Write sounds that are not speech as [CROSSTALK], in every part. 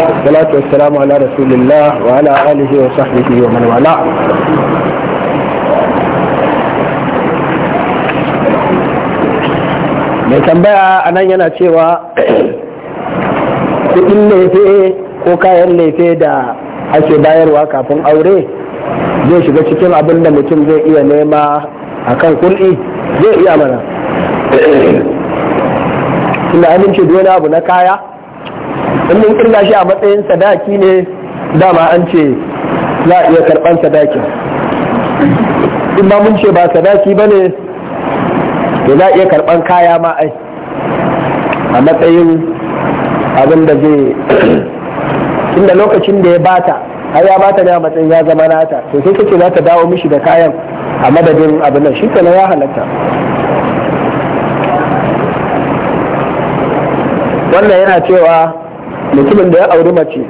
والصلاة والسلام على رسول الله وعلى آله وصحبه ومن والاه mai tambaya a nan yana cewa kudin laife ko kayan laife da ake bayarwa kafin aure zai shiga cikin abin da mutum zai iya nema a kan kul'i zai iya mana inda aminci duk wani abu na kaya in mun kirga shi a matsayin sadaki ne dama an ce za a iya karɓar sadaki. in ba mun ce ba sadaki ba ne da za a iya karɓar kaya ma ai a matsayin abin da zai inda [CLEARS THROAT] lokacin da ya bata har ya bata ne a matsayin ya zama nata to sai kace za ta dawo mishi da kayan a madadin abin nan shi kenan ya halatta wannan yana cewa mutumin da ya auri mace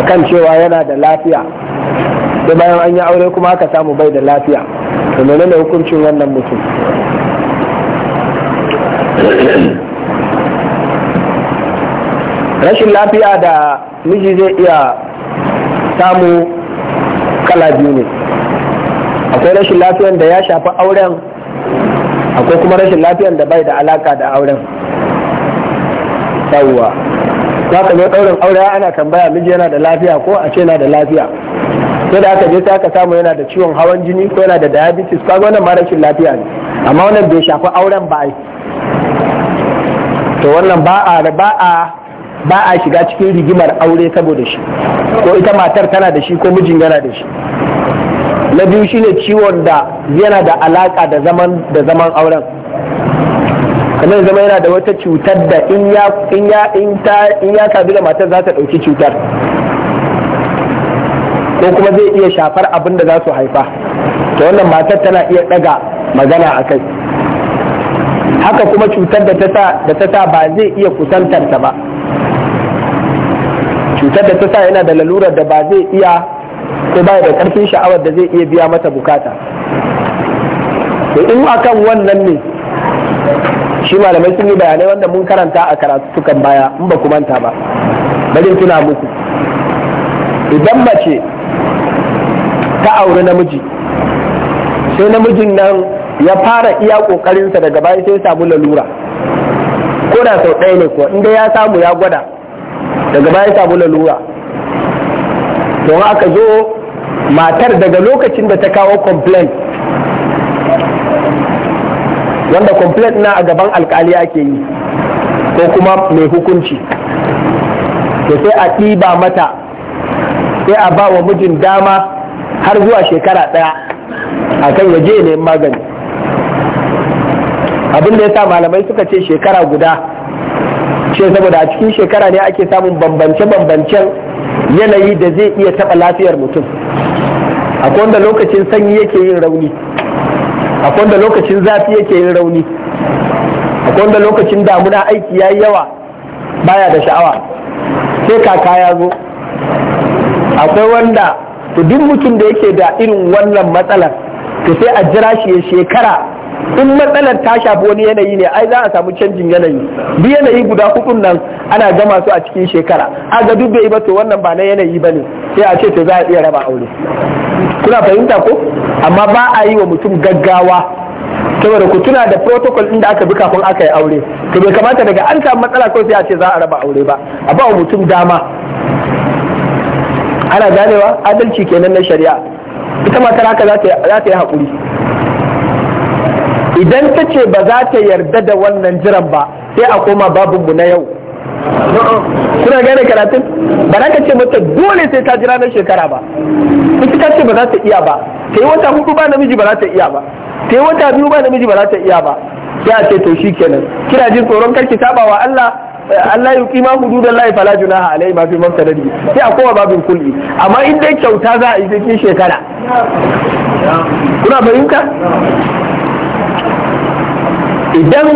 akan cewa yana da lafiya da bayan an yi aure kuma aka samu bai da lafiya to ne hukuncin wannan mutum rashin lafiya da miji zai iya samu kala biyu ne akwai rashin lafiyan da ya shafi auren akwai kuma rashin lafiyan da bai da alaka da auren yawwa za ka zo ɗaurin aure ana tambaya miji yana da lafiya ko a ce yana da lafiya sai da aka je sai aka samu yana da ciwon hawan jini ko yana da diabetes kaga wannan ma rashin lafiya ne amma wannan bai shafi auren ba ai to wannan ba a ba a ba a shiga cikin rigimar aure saboda shi ko ita matar tana da shi ko mijin yana da shi na biyu shine ciwon da yana da alaka da da zaman auren kuma zama yana da wata cutar da in ya in da matar za ta dauki cutar ko kuma zai iya shafar abin da za su haifa to wannan matar tana iya daga magana a kai haka kuma cutar da ta sa ba zai iya kusantar ta ba cutar da ta sa yana da lalurar da ba zai iya ko baya da karfin sha'awar da zai iya biya mata bukata to in akan wannan ne shi malamai sun yi bayanai wanda mun karanta a karatukan baya in ba ku manta ba bari tuna muku idan mace ta auri namiji sai namijin nan ya fara iya kokarinsa daga baya sai ya samu lalura ko da sau ɗaya ne ko inda ya samu ya gwada daga baya ya samu lalura don aka zo matar daga lokacin da ta kawo complaint wanda complaint na a gaban alkali ake yi ko kuma mai hukunci to sai a ɗiba mata sai a ba wa mijin dama har zuwa shekara ɗaya a kan ya ne magani abin da ya sa malamai suka ce shekara guda ce saboda a cikin shekara ne ake samun bambance-bambancen yanayi da zai iya taɓa lafiyar mutum akwai wanda lokacin sanyi yake yin rauni akwai wanda lokacin zafi yake yin rauni akwai wanda lokacin damuna aiki ya yi yawa baya da sha'awa sai kaka ya zo akwai wanda to duk mutum da yake da irin wannan matsalar to sai a jira shi ya shekara in matsalar ta shafi wani yanayi ne ai za a samu canjin yanayi duk yanayi guda hudun nan ana gama su a cikin shekara a ga duk bai ba to wannan ba na yanayi ba ne sai a ce to za a iya raba aure kuna fahimta ko amma ba a yi wa mutum gaggawa saboda ku tuna da protocol ɗin da aka bi kafin aka yi aure to bai kamata daga an samu matsala ko sai a ce za a raba aure ba a ba wa mutum dama ana ganewa adalci kenan na shari'a ita matar haka za ta yi haƙuri idan ta ce ba za ta yarda da wannan jiran ba sai a koma mu na yau kuna gane karatun ba za ka ce mata dole sai ta jira na shekara ba ita ta ce ba za ta iya ba ta yi wata hudu ba namiji ba za ta iya ba ta yi wata biyu ba namiji ba za ta iya ba sai a ce to shi kenan kina jin tsoron karki saba wa Allah Allah ya kima hududan lahi fala junaha alai ma fi mafsadadi sai a kowa babin kulli amma in dai kyauta za a yi cikin shekara kuna fahimta idan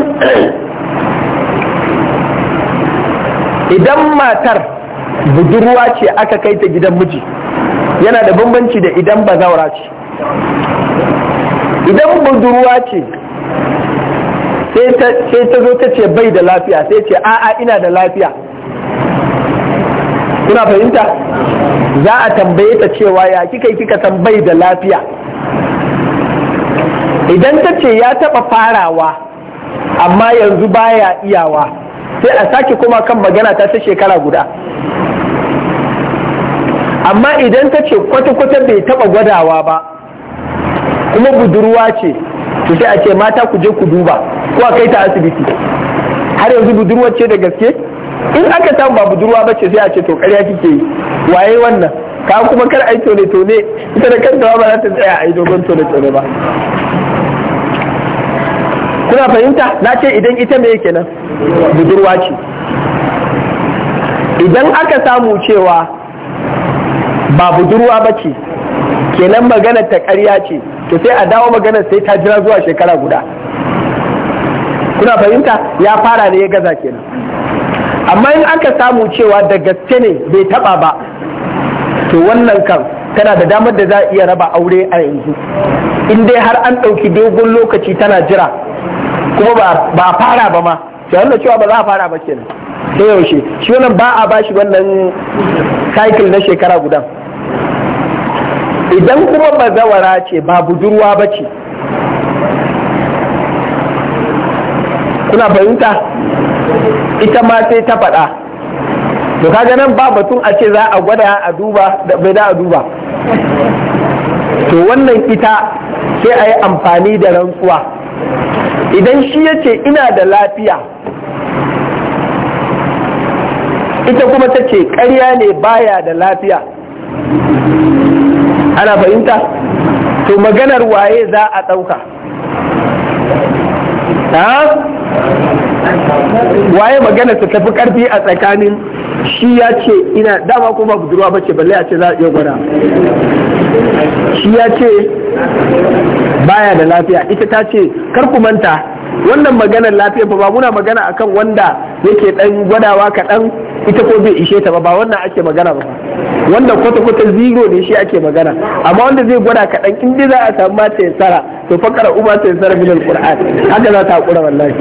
idan matar budurwa ce aka kai ta gidan miji yana da bambanci da idan bazawara ce idan budurwa ce sai ta zo ta ce bai da lafiya sai ce a'a ina da lafiya kuna fahimta za a tambaye ta cewa ya kika yi kika san bai da lafiya idan ta ce ya taba farawa amma yanzu baya iyawa sai a sake kuma kan magana ta ta shekara guda amma idan ta ce kwata-kwata bai taba gwadawa ba kuma budurwa ce to sai a ce mata ku je ku duba ko a kai ta asibiti har yanzu budurwa ce da gaske in aka samu ba budurwa ba ce sai a ce to karya kike yi waye wannan ka kuma kar ai tone tone ita da kanta ba za ta tsaya yi dogon tone tone ba kuna fahimta na ce idan ita me nan budurwa ce idan aka samu cewa ba budurwa ba ce kenan maganar ta ƙarya ce to sai a dawo maganar sai ta jira zuwa shekara guda kuna fahimta ya fara ne ya gaza kenan amma in aka samu cewa da gaske ne bai taba ba to wannan kan tana da damar da za a iya raba aure a yanzu in dai har an ɗauki dogon lokaci tana jira kuma ba fara ba ma sai wanda cewa ba za a fara ba kenan sai yaushe shi wannan ba a bashi wannan cycle na shekara guda idan kuma ba zawara ce ba budurwa ba ce kuna fahimta ita ma sai ta faɗa to kaga nan ba batun a ce za a gwada a duba da bai da a duba to wannan ita sai a yi amfani da rantsuwa idan shi ya ce ina da lafiya ita kuma ta ce karya ne baya da lafiya ana fahimta to maganar waye za a ɗauka waye magana su tafi ƙarfi a tsakanin shi ya ce ina dama ko ba budurwa bace balle a ce za a iya gwada shi ya ce baya da lafiya ita ta ce kar ku manta wannan maganar lafiya ba muna magana akan wanda yake dan gwadawa kaɗan ita ko bai ishe ta ba ba wannan ake magana ba wannan kwata-kwata zero ne shi ake magana amma wanda zai gwada kaɗan in dai za a samu mata ya tsara to fakara uba ta ya tsara bilal haka za ta hakura wallahi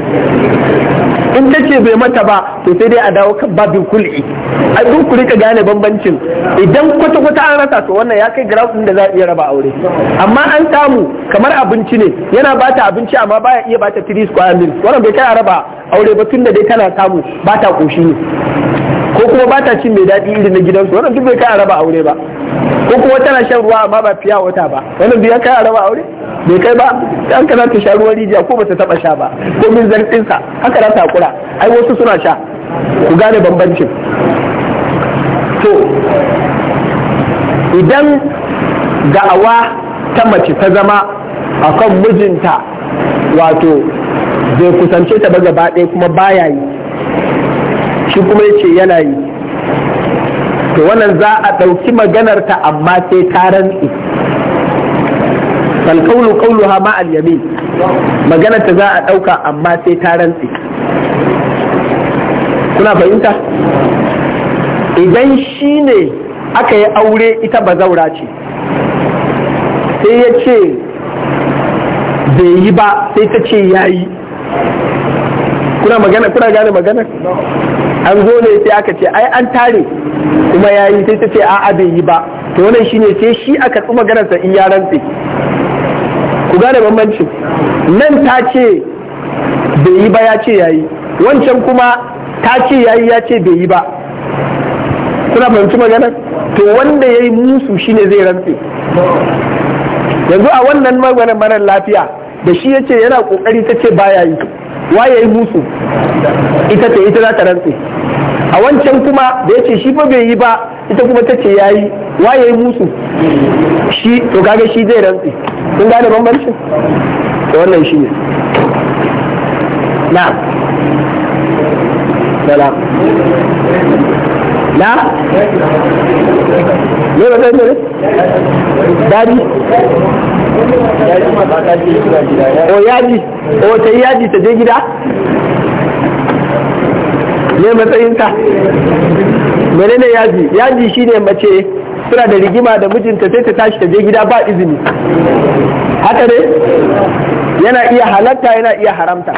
in ta ce bai mata ba to sai dai a dawo kan babin kul'i ai duk ku rika gane bambancin idan kwata-kwata an rasa to wannan ya kai ground da za a iya raba aure amma an samu kamar abinci ne yana ba ta abinci amma baya iya ba bata 3 square meals wannan bai kai a raba aure ba tunda dai tana samu ba ta koshi ne ko kuma ba ta cin mai daɗi irin na gidansu wannan duk bai kai a raba aure ba ko kuma tana shan ruwa amma ba fiya wata ba wannan duk ya kai a raba aure bai kai ba ta an kana ta sha ruwan rijiya ko ba ta taba sha ba ko min zarfinsa haka za ta hakura ai wasu suna sha ku gane bambancin to idan ga'awa ta mace ta zama akan mijinta wato bai kusance ta ba gaba ɗaya kuma baya yi shi kuma yace yana yi to wannan za a ɗauki maganar ta amma sai ta rantsi fal qawlu qawluha ma al yamin maganar ta za a ɗauka amma sai ta rantsi kuna fahimta idan shi ne aka yi aure ita bazaura ce sai ya ce bai yi ba sai ta ce ya yi kuna magana kuna gane magana an zo ne sai aka ce ai an tare kuma ya sai ta ce a'a bai yi ba to wannan shine sai shi aka tsuma maganarsa in ya rantse ku gane bambancin nan ta ce bai yi ba ya ce ya wancan kuma ta ce ya ya ce bai yi ba kuna fahimci maganar to wanda yayi musu shine zai rantse yanzu a wannan maganar marar lafiya da shi yace yana kokari ta ce baya yi waye yi musu ita ce ita za ta rantse a wancan kuma da ya ce shi ba bai yi ba ita kuma ta ce ya yi waye yi musu shi to kaga shi zai rantse kun gane bambancin da wannan shi ne na na ne ba zai dadi o yaji o ta yi yaji ta je gida ne matsayinta menene yaji yaji shine mace suna da rigima da mijinta sai ta tashi ta je gida ba izini haka ne yana iya halatta yana iya haramta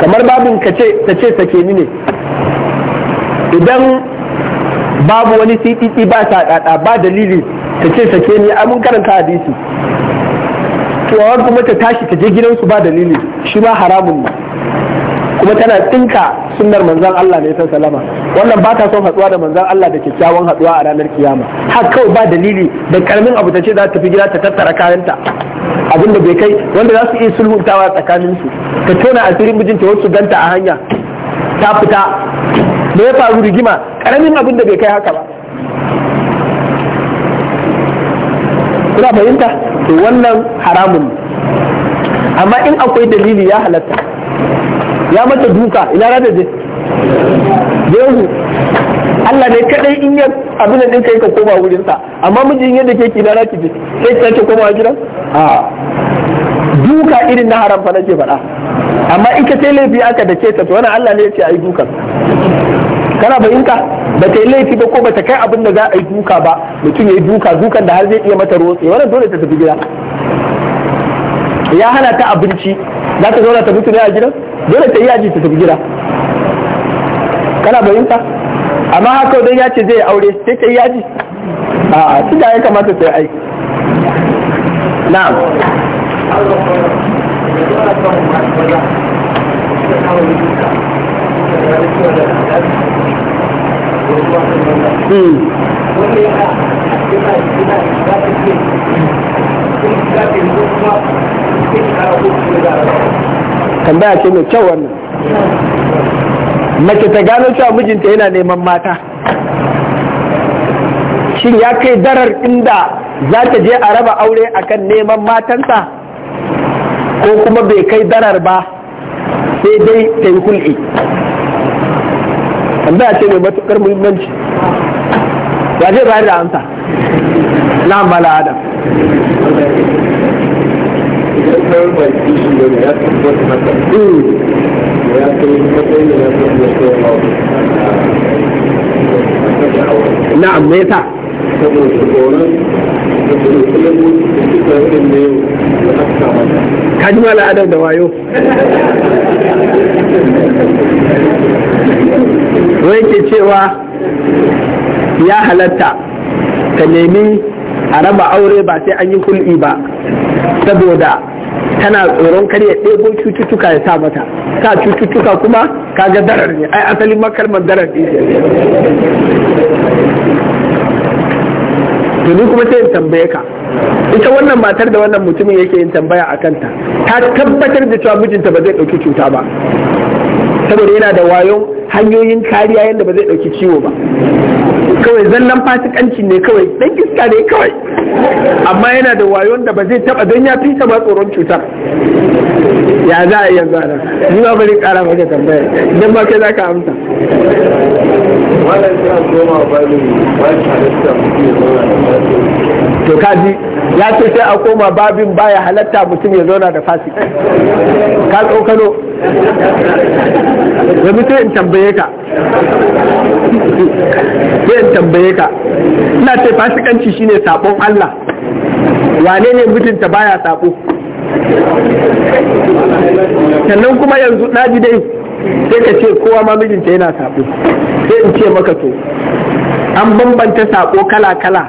kamar babin ka ce ta ce sake ni ne idan babu wani titi ba sa ba dalili ta ce sake ni mun karanta hadisi tuwawar kuma ta tashi ta je gidansu ba dalili shi ma haramun ne kuma tana tsinka sunnar manzon Allah ne san salama wannan ba ta son hatsuwa da manzon Allah da kyakkyawan haɗuwa a ranar kiyama har kawai ba dalili da karamin abu ta ce za ta tafi gida ta tattara kayanta abin da bai kai wanda za su iya sulhuntawa tsakanin su ta tona asirin mijinta wasu ganta a hanya ta fita da ya faru rigima karamin abin da bai kai haka ba kuna fahimta to wannan haramun amma in akwai dalili ya halatta ya mata duka ina rada je jehu Allah ne kadai in ya abin da kai ka koma wurin sa amma mijin yadda ke kina raki je sai ka ce koma gidan a duka irin na haram fa nake faɗa amma in ka sai laifi aka da ta to wannan Allah ne ya ce ai dukan kana bayinka ba ta yi laifi ba ko ba ta kai abin da za a yi duka ba mutum ya yi duka dukan da har zai iya mata rotse wannan dole ta tafi gida ya hana ta abinci za ta zauna ta mutu ne a gidan dole ta yi yaji ta tafi gida kana bayinka amma haka don ya ce zai aure sai ta yi yaji a tunda ya kamata sai ai na'am tambaya ce mai kyau wannan mace ta gano cewa mijinta yana neman mata shin ya kai darar inda za ta je a raba aure akan neman matansa ko kuma bai kai darar ba sai dai ta yi hul'i tambaya ce mai matukar muhimmanci ya zai bayar da amsa na mala adam na'am me yasa saboda tsoron da kuma da Kaji mala adam da wayo wai ke cewa ya halatta ka nemi a raba aure ba sai an yi kul'i ba saboda tana tsoron karya ɗebo cututtuka ya sa mata sa cututtuka kuma kaga darar ne ai asalin makarman darar ne to kuma sai in tambaye ka ita wannan matar da wannan mutumin yake yin tambaya a kanta ta tabbatar da cewa mijinta ba zai ɗauki cuta ba saboda yana da wayon hanyoyin kariya yadda ba zai ɗauki ciwo ba kawai zallan fasikanci ne kawai ɗan iska ne kawai amma yana da wayon da ba zai taɓa don ya fi ma tsoron cutar ya za a iya zara ni ba bari ƙara maka tambaya idan ba kai za ka amsa wannan yana koma ba ne ba halitta mutum ya zauna da to kaji ya ce sai a koma babin baya halatta mutum ya zauna da fasik ka tsokano yanzu sai in tambaye ka sai in tambaye ka ina ce fasikanci shine sabon Allah wane ne mutunta baya sabo sannan kuma yanzu na ji dai sai ka ce kowa ma mijinta yana sabo sai in ce maka to an bambanta sabo kala-kala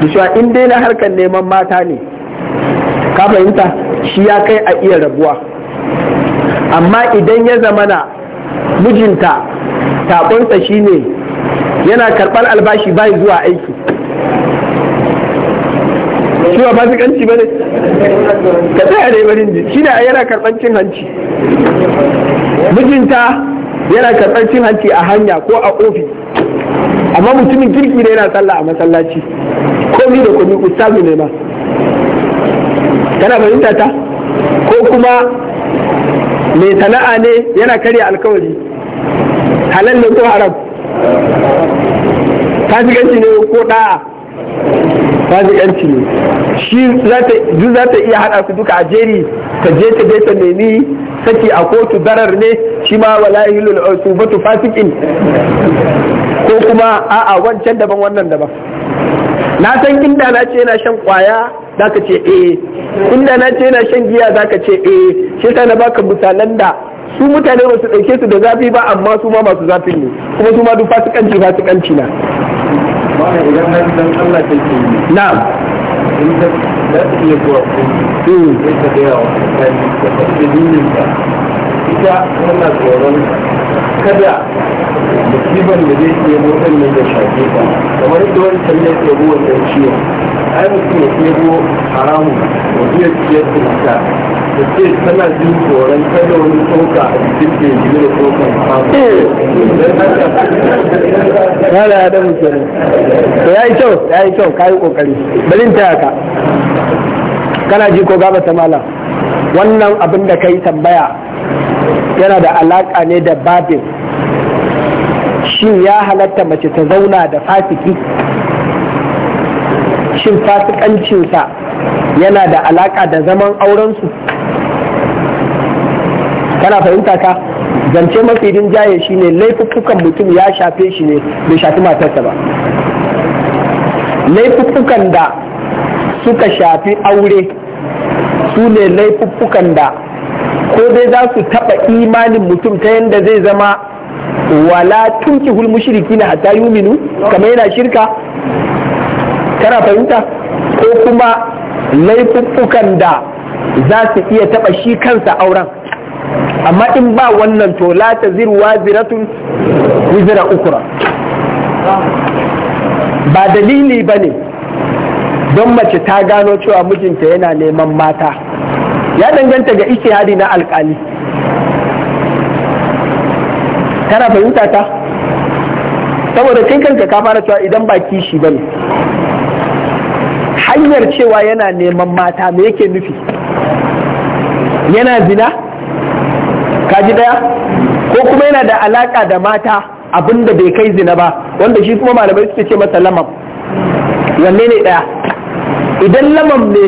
da cewa in dai na harkar neman mata ne ka fahimta shi ya kai a iya rabuwa amma idan ya zamana mijinta shi ne, yana karɓar albashi bai zuwa aiki shi ba fasikanci ba ne ka tsaya ne barin ji shi ne yana karɓar cin hanci mijinta yana karɓar cin hanci a hanya ko a ofi amma mutumin kirki ne yana sallah a masallaci komi da komi ustazu ne ma kana fahimta ta ko kuma mai sana'a ne yana karya alkawari halal ne ko haram fasikanci ne ko da'a fasikanci ne shi duk za ta iya haɗa su duka a jeri ta je ta je ta nemi saki a kotu darar ne shi ma wala yulul usubatu fasikin ko kuma a'a wancan daban wannan daban na san inda na ce na shan kwaya za ka ce eh inda na ce na shan giya za ka ce eh shi na baka misalan da su mutane ba su ɗauke su da zafi ba amma su ma masu zafi ne kuma su ma duk fasikanci fasikanci na na'am ita wannan tsoron kada musibar da zai iya motar nan da shafe ka kamar yadda wani can ya tsebo wannan ciwon ai mutum ya tsebo haramu da iya ciyar da ita da ce tana jin tsoron kada wani tsoka a cikin da ya da tsokan kala ya damu kenan to ya yi kyau ya yi kyau ka yi kokari balin ta ka kana ji ko gaba ta malam wannan abin da ka yi tambaya yana da alaƙa ne da babin shin ya halatta mace ta zauna da fasiki shin fasikancinsa yana da alaka da zaman aurensu kana fahimta ka zance mafi rinjaye shine laifukan mutum ya shafe shi ne bai shafi matarsa ba Laifukan da suka shafi aure su ne laifukan da ko dai za su taɓa imanin mutum ta yadda zai zama wala mushriki na hatta yuminu kamar yana shirka kana fahimta ko kuma laifuffukan da za su iya taba shi kansa auren amma in ba wannan to la wa ziratun wizra ukura ba dalili bane don mace ta gano cewa mijinta yana neman mata ya danganta ga ishe hadi na alkali kana fahimta ta saboda kai kanka ka fara cewa idan ba kishi bane hanyar cewa yana neman mata me yake nufi yana zina kaji daya ko kuma yana da alaka da mata abinda bai kai zina ba wanda shi kuma malamai suke ce masa lamam wanne ne daya idan lamam ne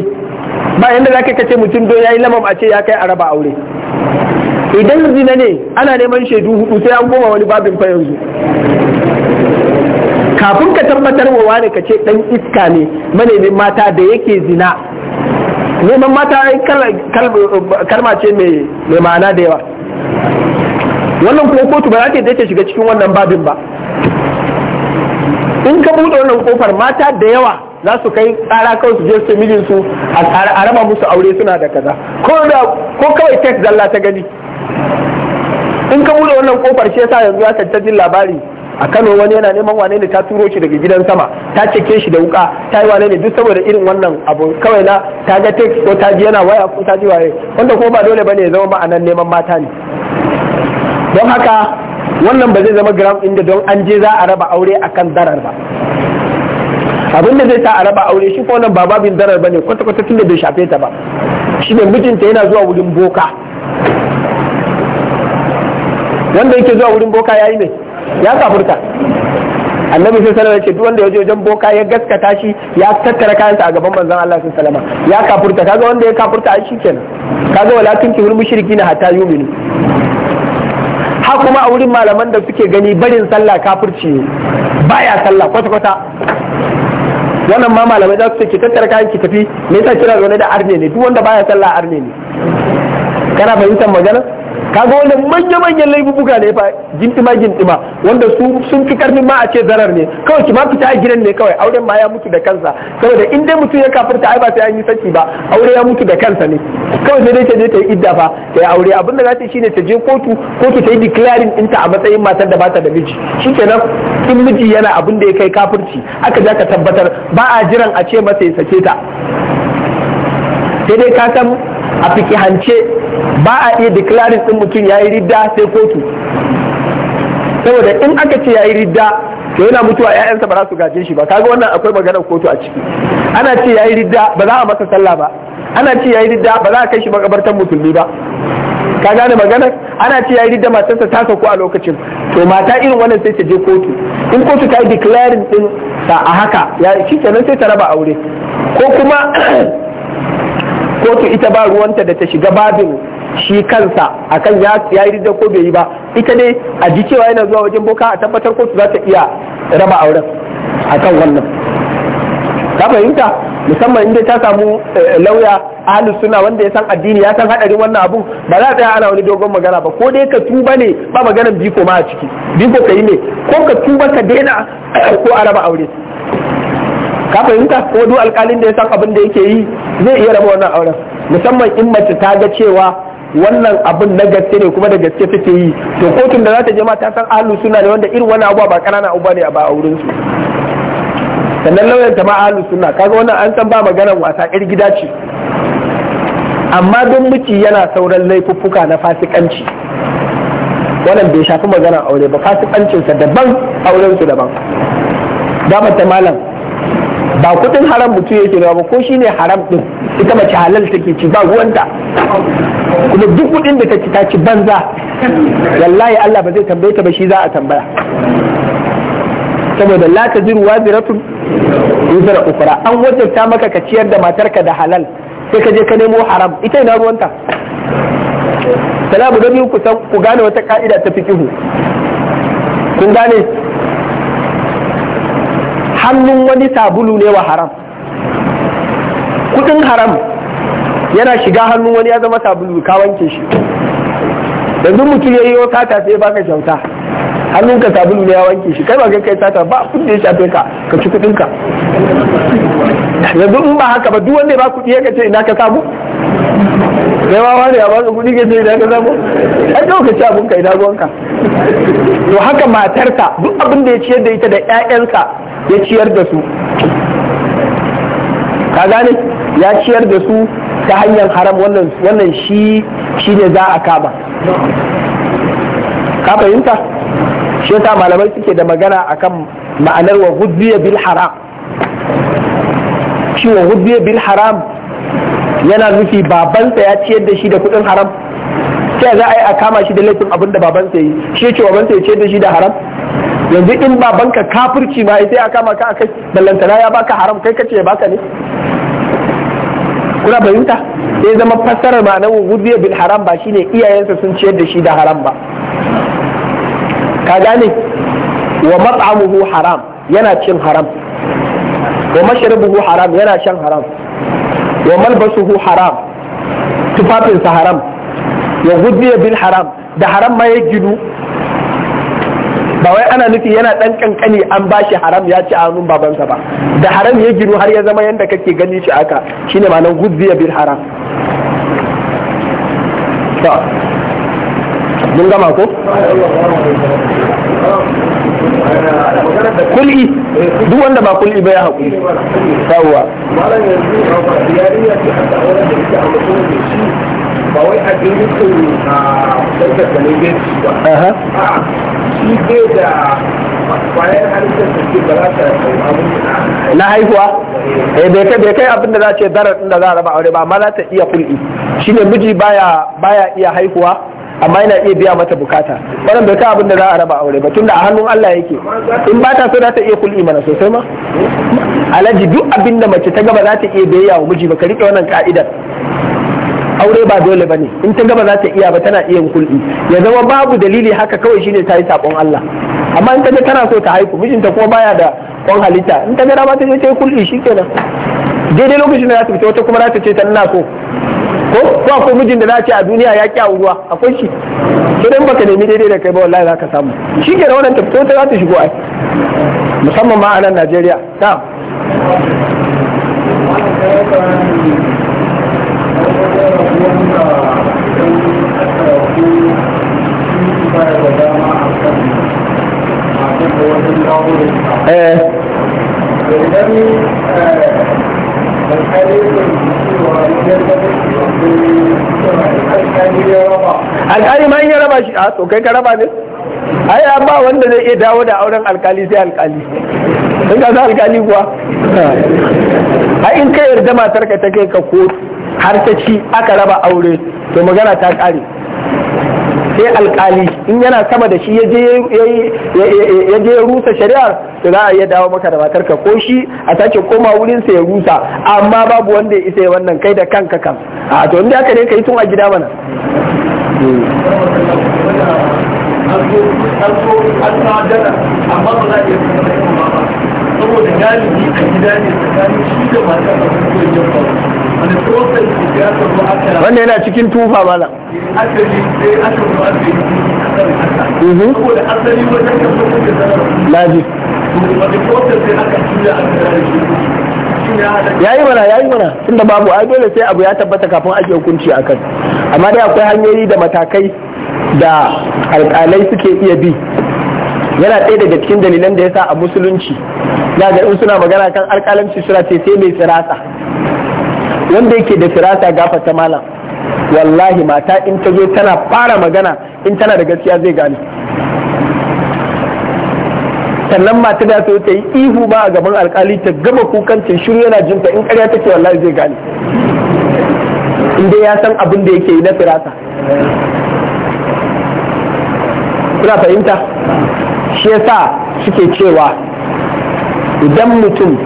ba yanda za ka kace mutum do yayi lamam a ce ya kai araba aure idan zina ne ana neman shaidu hudu sai an goma wani babin fa yanzu kafin ka tabbatar wa wani ka ce dan iska ne manemin mata da yake zina neman mata karma ce mai ma'ana da yawa wannan kuma kotu ba za ta ta shiga cikin wannan babin ba in ka buɗe wannan kofar mata da yawa za su kai tsara kawai su je su mijinsu a raba musu aure suna da kaza ko kawai tek zalla ta gani in ka bude wannan kofar shi yasa yanzu ya jin labari a Kano wani yana neman wane ne ta turo shi daga gidan sama ta cike shi da wuka ta yi wane ne duk saboda irin wannan abu kawai na ta ga tek ko ta ji yana waya ko ta ji waye wanda ko ba dole bane ya zama ma'anan neman mata ne don haka wannan ba zai zama gram inda don an je za a raba aure akan darar ba abin da zai sa a raba aure shi ko nan ba babin darar bane kwata kwata tunda bai shafe ta ba shi ne mijinta yana zuwa wurin boka wanda yake zuwa wurin boka yayi ne ya safurta annabi sai sallallahu alaihi duk wanda ya je wajen boka ya gaskata shi ya tattara kayansa a gaban manzon Allah sai salama ya kafurta kaga wanda ya kafurta ai shikenan kaga wala tunki na hata hatta yu'minu ha kuma a wurin malaman da suke gani barin sallah kafurci ne baya sallah kwata kwata wannan ma malamai za su ce ki tattara kayan ki tafi me yasa kira zaune da arne ne duk wanda baya sallah arne ne kana fahimtar magana kaga wannan manya-manyan laifuka ne fa jintima jintima wanda su sun fi karfin ma a ce zarar ne kawai ki ma fita a gidan ne kawai auren ma ya mutu da kansa saboda in dai mutum ya kafirta ai ba sai an yi saki ba aure ya mutu da kansa ne kawai sai dai ta je ta yi idda fa ta yi aure abun da za ta ne ta je kotu kotu ta yi declaring ɗinta a matsayin matar da ba ta da miji shi shikenan in miji yana abin da ya kai kafirci aka ja ka tabbatar ba a jiran a ce masa ya sake ta sai dai ka san a hance ba a iya declaring din mutum ya yi ridda sai kotu saboda in aka ce ya yi ridda to yana mutuwa ‘ya'yansa ba za su gaje shi ba kaga wannan akwai maganar kotu a ciki ana ce ya yi ridda ba za a masa sallah ba ana ce ya yi ridda ba za a kai shi makabartar musulmi ba ka gane maganar ana ce ya yi ridda matarsa ta sauko a lokacin to mata irin wannan sai ta je kotu in kotu ta yi declaring din ta a haka ya shi sai ta raba aure ko kuma Ko kotu ita ba ruwanta da ta shiga babin shi kansa akan ya ya yi ko bai yi ba ita dai a ji cewa yana zuwa wajen boka a tabbatar kotu za ta iya raba auren akan wannan ta fahimta musamman inda ta samu eh, lauya ahlus suna wanda ya san addini ya san hadarin wannan abun ba za a tsaya ana wani dogon magana ba ko dai ka tuba ne ba maganar biko ma a ciki biko ka yi ne ko ka tuba ka daina [COUGHS] ko a raba aure ka fahimta ko duk alkalin da ya san abin da yake yi zai iya raba wannan auren musamman in mace ta ga cewa wannan abin na gaske ne kuma da gaske take yi to kotun da za ta je ma ta san ahlu sunna ne wanda irin wani abuwa ba kanana abuwa ne ba a su sannan lauyan ta ma ahlu sunna kaga wannan an san ba maganar wasa ir gida ce amma don miki yana sauran laifuffuka na fasikanci wannan bai shafi maganar aure ba fasikancinsa daban aurensu daban damar ta malam ba kudin haram mutum yake ba ko shi ne haram din ita mace halal take ci ba ruwanta kuma duk kudin da ta ci ta ci banza wallahi Allah ba zai tambaye ta ba shi za a tambaya saboda la taziru waziratun wizra ukra an wajabta maka ka ciyar da matarka da halal sai ka je ka nemo haram ita ina ruwanta salamu da ku gane wata ka'ida ta fikihu kun gane hannun wani sabulu ne wa haram kudin haram yana shiga hannun wani ya zama sabulu ka wanke shi yanzu mutum ya yi wa sata sai baka kyauta hannunka sabulu ne ya wanke shi kai ba kai sata ba abin da ya shafe ka ka ci kudin ka yanzu in ba haka ba duk wanda ya ba kudi ya ce ina ka samu kai wawa ne a baka ke sai da ka samu ai dole ka abin kai dagonka to haka matarsa duk abin da ya ciyar da ita da ƴaƴansa ya ciyar da su ka gane ya ciyar da su ta hanyar haram wannan wannan shi shi ne za a kama ka fahimta shi yasa malamai suke da magana akan ma'anar wa bil haram shi wa bil haram yana nufi babansa ya ciyar da shi da kuɗin haram sai za a yi a kama shi da laifin abin da babansa yi shi ya ce babansa ya ciyar da shi da haram yanzu in babanka kafirci ma sai a kama ka akai ballantana ya baka haram kai kace ya baka ne kuna fahimta sai zama fassarar ma'anar wudiya bil haram ba shine iyayensa sun ciyar da shi da haram ba ka gane wa mat'amuhu haram yana cin haram wa mashrabuhu haram yana shan haram wa malbasuhu haram tufafinsa haram ya gudiya bil haram da haram ma ya gidu ba wai ana nufi yana dan kankani an bashi haram ya ci anun babansa ba da haram ya gidu har ya zama yadda kake gani shi aka shine malan gudiya bil haram mun gama ko kulli duk wanda ba kul'i ba ya haƙuri yawwa ba wai a da ne bai ba a na haihuwa eh bai kai bai kai abin da za ce darar da za a raba aure ba amma za ta iya kul'i shine miji baya baya iya haihuwa amma yana iya biya mata bukata wannan bai kai abin da za a raba aure ba tunda a hannun Allah yake in ba ta so za ta iya kul'i mana sosai ma alaji duk abin da mace ta gaba za ta iya biyayya wa miji ba ka rike wannan ka'idar aure ba dole ba ne in ta gaba za ta iya ba tana iya kulɗi ya zama babu dalili haka kawai shine ta yi sabon Allah amma in ta ga tana so ta haihu mijinta kuma baya da kon halitta in ta ga ba ta je ta yi kulɗi shikenan daidai lokacin da za ta fita wata kuma za ta ce ta ina so ko ko akwai mijin da za ce a duniya ya ƙi auruwa akwai shi dan baka nemi daidai da kai ba wallahi za ka samu shi ke wannan tafto ta za ta shigo ai musamman ma a nan Najeriya na Eh. alkali ma in raba shi a to kai ka raba ne ai ba wanda zai iya dawo da auren alkali sai alkali in ka san alkali kuwa a in ka yarda matar ka ta kai ka kotu har ta ci aka raba aure to magana ta kare sai alkali in yana sama da shi ya je ya rusa shari'ar to za a iya dawo maka da matarka ko shi a sake koma wurin sa ya rusa amma babu wanda ya isa wannan kai da kanka kan a to inda aka ne kai tun a gida mana saboda galibi a gida ne tsakanin shi da matar da kuma wannan yana cikin tufa mala mhm. laji ya yi mana ya yi mana tunda babu ai dole sai abu ya tabbata kafin ake hukunci a kan amma dai akwai hanyoyi da matakai da alkalai suke iya bi yana ɗaya daga cikin dalilan da ya sa a musulunci ya ga in suna magana kan alkalanci suna ce sai mai tsirasa wanda yake da firasa gafata malam wallahi mata in ta zo tana fara magana in tana da gaskiya zai gane sannan mata da so ta yi ihu ba a gaban alkali ta gama kukan shiru yana jinta in karya take wallahi zai gane in dai ya san abin da yake yi na firasa kuna fahimta shi yasa suke cewa idan mutum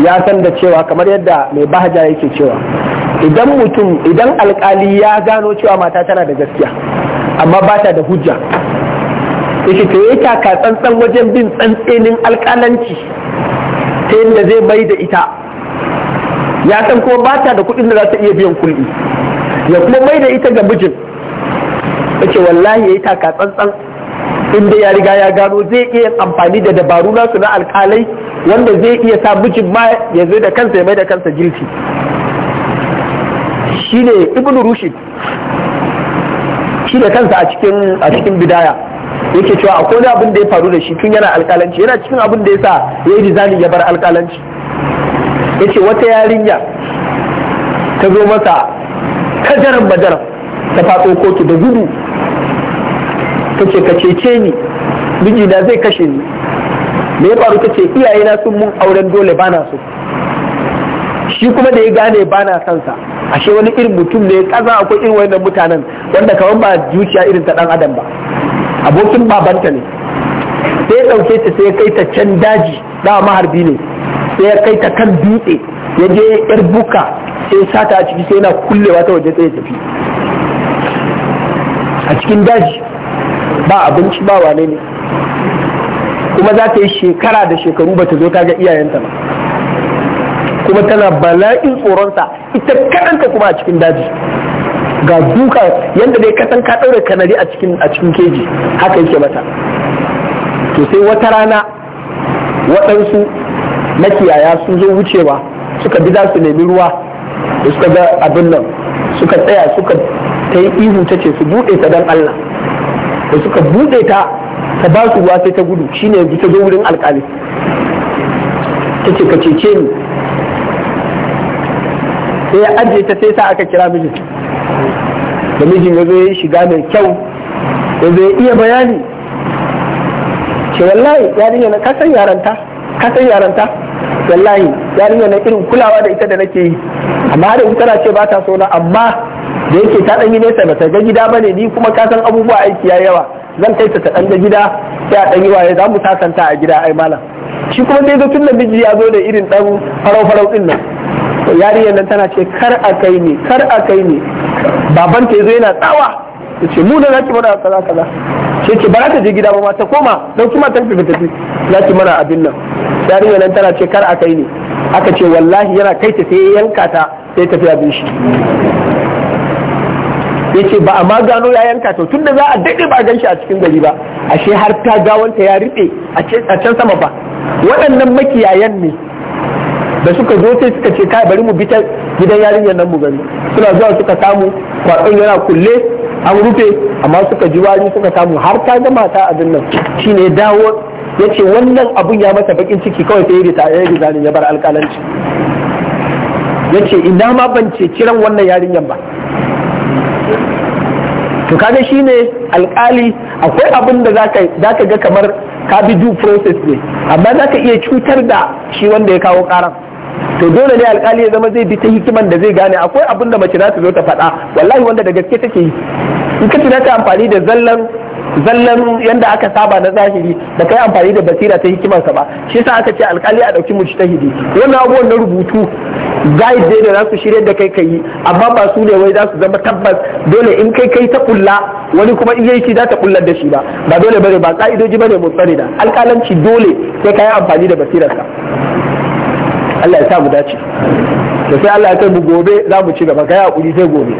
ya san da cewa kamar yadda mai bahaja yake cewa idan mutum idan alkali ya gano cewa mata tana da gaskiya amma ba ta da hujja yake ta yi taka tsantsan wajen bin tsantsenin alkalanci ta yadda zai mai da ita ya san kuma ba ta da kuɗin da za ta iya biyan kulɗi ya kuma mai da ita ga mijin yake wallahi ya yi taka tsantsan inda ya riga ya gano zai iya amfani da dabaru nasu na alkalai wanda zai iya sa mijin ma ya zai da kansa ya mai da kansa jilti ne ibn rushd shi da kansa a cikin a cikin bidaya yake cewa akwai wani abin da ya faru da shi tun yana alƙalanci yana cikin abin da ya sa ya yi rizali ya bar alkalanci yace wata yarinya ta zo masa kajaran bajaran ta faɗo kotu da gudu ta ce ka cece ni mijina zai kashe ni me ya faru ce iyaye na sun mun auren dole bana so shi kuma da ya gane bana son sa ashe wani irin mutum ne kaza akwai irin wannan mutanen wanda kaman ba zuciya irin ta dan adam ba abokin babanta ne sai ya dauke ta sai ya kai ta can daji da maharbi ne sai ya kai ta kan dutse ya je yar buka sai sata a ciki sai yana kullewa ta waje sai ya tafi a cikin daji ba abinci ba wane ne kuma za ta yi shekara da shekaru ba ta zo ta ga iyayenta ba kuma tana bala'in tsoronsa ita kadanta kuma a cikin daji ga duka yadda dai kasan ka ɗaure kanari a cikin a cikin keji haka yake mata to sai wata rana waɗansu makiyaya sun zo wucewa suka bi za su nemi ruwa da suka ga abin nan suka tsaya suka ta yi ihu ta ce su buɗe ta don Allah da suka buɗe ta ta ba su ruwa sai ta gudu shine yanzu ta zo wurin alkali ta ce ka cece ni sai ya ajiye ta sai sa aka kira mijin da mijin ya zo ya shiga mai kyau ya zo ya iya bayani ce wallahi yarinya na kasan yaranta kasan yaranta wallahi yarinya na irin kulawa da ita da nake yi amma da in tana ce ba ta so na amma da yake ta ɗanyi nesa ba ta ga gida ba ne ni kuma kasan abubuwa aiki ya yawa zan kai ta ta ɗan gida sai a ɗan yi waye za mu sasanta a gida ai malam shi kuma dai tun da miji ya zo da irin ɗan farau-farau ɗin nan to yariyar nan tana ce kar a kai ne kar a kai ne baban ta zo yana tsawa ta ce mu da za ki mana kaza kaza sai ce ba za ta je gida ba ma ta koma don kuma ta tafi tafi za ki mana abin nan yariyar nan tana ce kar a kai ne aka ce wallahi yana kai ta sai yanka ta sai tafi abin shi Yace ce ba a ma gano ya yanka to da za a daɗe ba a gan shi a cikin gari ba ashe har ta gawanta ya riɗe a can sama ba waɗannan makiyayan ne da suka zo sai suka ce kai bari mu bi ta gidan yarinyar nan mu gani suna zuwa suka samu kwaɗon yana kulle an rufe amma suka ji wari suka samu har ta ga mata a dinnan shine dawo ya ce wannan abun ya mata bakin ciki kawai sai ya rita ya rita ya bar alƙalanci ya ce ina ma ban ce kiran wannan yarinyar ba to kaga shine alkali akwai abin da za ka ga kamar ka bi due process ne amma za ka iya cutar da shi wanda ya kawo karan to dole ne alkali ya zama zai bi ta hikiman da zai gane akwai abin da mace za ta zo ta faɗa wallahi wanda da gaske take yi in ka tuna ta amfani da zallan zallan yanda aka saba na zahiri da kai amfani da basira ta hikimarsa ba shi yasa aka ce alkali a dauki mujtahidi wannan abubuwan na rubutu guide dai da za su shirya da kai ka yi amma ba su ne wai za su zama tabbas dole in kai kai ta kulla wani kuma in yayi za ta kullar da shi ba ba dole bane ba ka'idoji bane da. alƙalanci dole sai ka yi amfani da basirarka Allah ya sa mu dace da sai Allah ya kai mu gobe za mu ci gaba ka yi hakuri sai gobe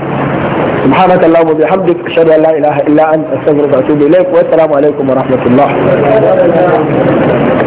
سبحانك اللهم وبحمدك اشهد ان لا اله الا انت استغفرك واتوب اليك والسلام عليكم ورحمه الله